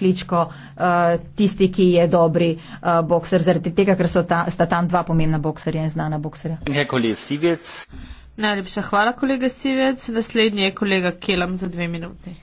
kličko uh, tisti, ki je dobri uh, bokser, zaradi tega, ker ta, sta tam dva pomembna bokserja in znana bokserja. Nekoli Sivec. Najlepša hvala, kolega Sivec. Naslednji je kolega Kelam za dve minuti.